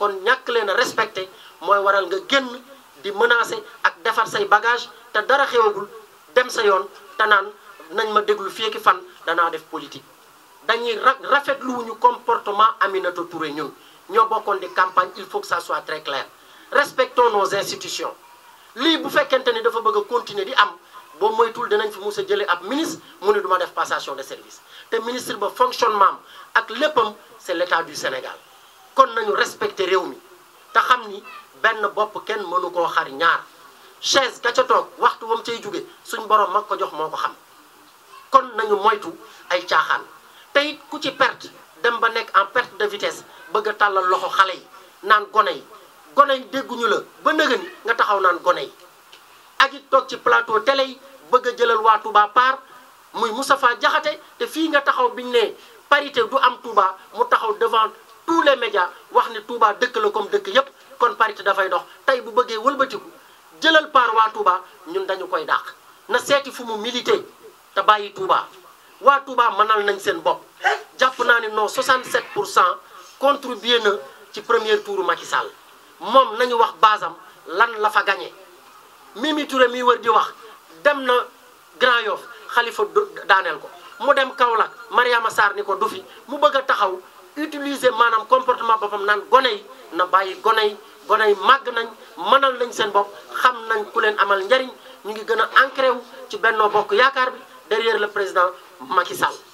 kon ñàkk leen a respecté mooy waral nga génn di menacer ak defar say bagage te dara xewagul dem sa yoon te naan nañ ma déglu fii ki fan danaa def politique. dañuy ra rafetluwuñu comportement Aminata Touré ñun ñoo bokkoon di campagne il faut que ça soit très clair respectons nos institutions. lii bu fekkente ni dafa bëgg a di am boo moytul dinañ fi mus a jëlee ab ministre mu ne duma def passation de service te ministre ba fonctionnement ak léppam c'est l'état Sénégal. kon nañu respecté réew mi te xam ni benn bopp kenn mënu koo xar ñaar chaise ka ca toog waxtu wam cay jóge suñ borom mag ko jox moo ko xam kon nañu moytu ay caaxaan te ku ci perte dem ba nekk en perte de vitesse bëgg tàllal loxo xale yi naan gone yi gone yi dégguñu la ba nëga nga taxaw naan gone yi ak toog ci plateau tele yi bëgg a jëlal waa Touba par muy Moustapha Diakhaté te fii nga taxaw biñ ne parité du am Touba les médias wax ne Touba dëkk la comme dëkk yépp kon parité dafay dox tey bu bëggee wëlbatiku jëlal paar waa Touba ñun dañu koy dàq na seeti fu mu te bàyyi Touba waa Touba mënal nañ seen bopp jàpp naa ne non 67 pour cent contribué na ci premier tour Macky Sall moom nañu wax basam lan la fa gagné Mimi Touré wër di wax dem na Grand Yoff Khalifa daaneel ko mu dem Kaolack Mariama Sarr ni ko du mu bëgg a taxaw utiliser maanaam comportement boppam naan gone yi na bàyyi gone yi gone yi màgg nañ mënal lañ seen bopp xam nañ ku leen amal njariñ ñu ngi gën a ancré ci Benno Bokk Yaakaar bi derrière le président Macky Sall.